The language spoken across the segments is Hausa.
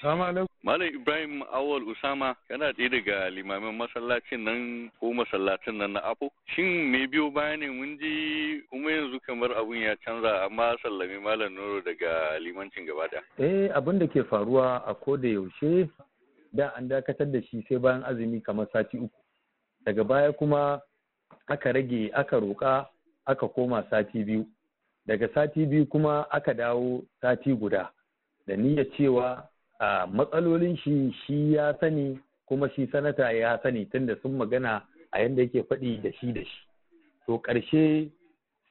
Salamu Malam Ibrahim Awal Usama yana ɗaya daga limamin masallacin nan ko masallacin nan na Apo. Shin me biyo baya ne mun ji kuma yanzu kamar abun ya canza amma sallami Malam Nuru daga limancin gaba da. Eh abin da ke faruwa a ko da yaushe da an dakatar da shi sai bayan azumi kamar sati uku. Daga baya kuma aka rage aka roƙa aka koma sati biyu. Daga sati biyu kuma aka dawo sati guda. Da niyyar cewa matsalolin shi shi ya sani kuma shi sanata ya sani tunda sun magana a yadda yake faɗi da shi da shi to ƙarshe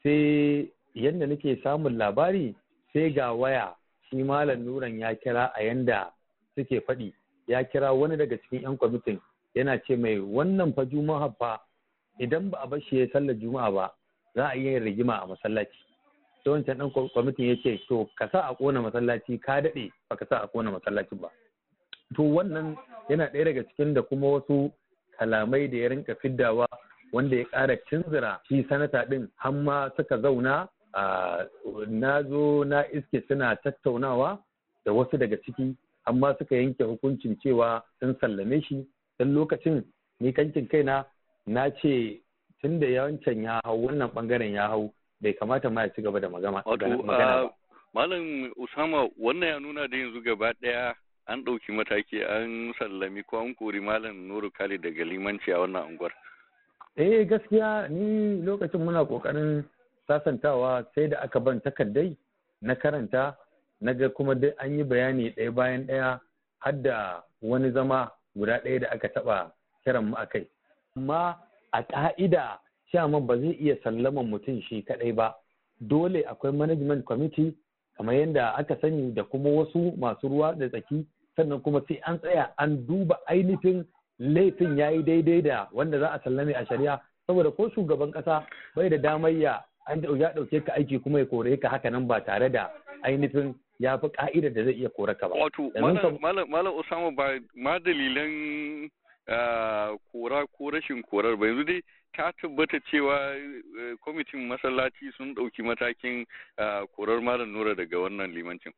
sai yadda nake samun labari sai ga waya shi malam nuran ya kira a yadda suke faɗi ya kira wani daga cikin 'yan kwamitin yana ce mai wannan fa juma'a fa idan ba a bar shi ya sallar juma'a ba za a iya yin rigima a masallaci sai wancan dan kwamitin ya ce to ka sa a ƙona masallaci ka daɗe ba ka sa a ƙona masallaci ba to wannan yana ɗaya daga cikin da kuma wasu kalamai da ya rinka fiddawa wanda ya ƙara cinzira shi sanata ɗin har ma suka zauna na zo na iske suna tattaunawa da wasu daga ciki amma suka yanke hukuncin cewa sun sallame shi don lokacin ni kankin kaina na ce tun da yawancan ya hau wannan bangaren ya hau bai kamata ma ya ci gaba da ah, magana ba. Malam Usama wannan ya nuna da yanzu gaba ɗaya an ɗauki mataki an sallami ko an kori Malam Nuru Kali daga limanci a wannan unguwar. Eh gaskiya ni lokacin muna ƙoƙarin sasantawa sai da aka ban takardai na karanta na ga kuma dai an yi bayani ɗaya bayan ɗaya har da wani zama guda ɗaya da aka taɓa kiran mu akai. Amma a ƙa'ida chairman ba zai iya sallaman mutum shi kadai ba dole akwai management committee kamar yadda aka sani da kuma wasu masu ruwa da tsaki sannan kuma sai an tsaya an duba ainihin laifin ya yi daidai da wanda za a sallame a shari'a saboda ko shugaban kasa bai da damar ya ya dauke ka aiki kuma ya kore ka haka nan ba tare da ainihin ya fi ka'idar da zai iya kore ka ba. Wato malam Usama ba ma dalilan kora ko rashin korar ba yanzu dai ta tabbata cewa e, kwamitin masallaci sun ɗauki matakin korar malam nura daga wannan limancin.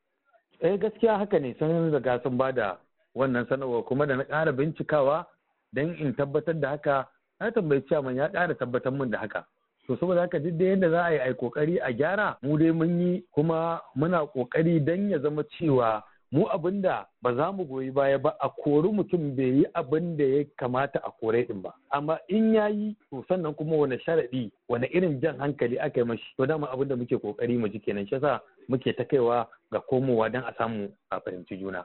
eh gaskiya haka ne sun riga sun bada wannan sanarwa kuma da na ƙara bincikawa don in tabbatar da haka na tambayi man ya ƙara tabbatar min da haka to saboda haka duk da yadda za a yi kokari a gyara mu dai mun yi kuma muna kokari don ya zama cewa mu abin da ba za mu goyi baya ba a kori mutum bai yi abin da ya kamata a kore din ba amma in ya yi to sannan kuma wani sharaɗi wani irin jan hankali aka yi mashi to dama abin da muke kokari mu ji kenan shi yasa muke ta kaiwa ga komowa don a samu a fahimci juna